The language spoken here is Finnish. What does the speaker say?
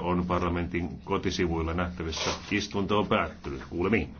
on parlamentin kotisivuilla nähtävissä. Istunto on päättynyt. Kuulemiin.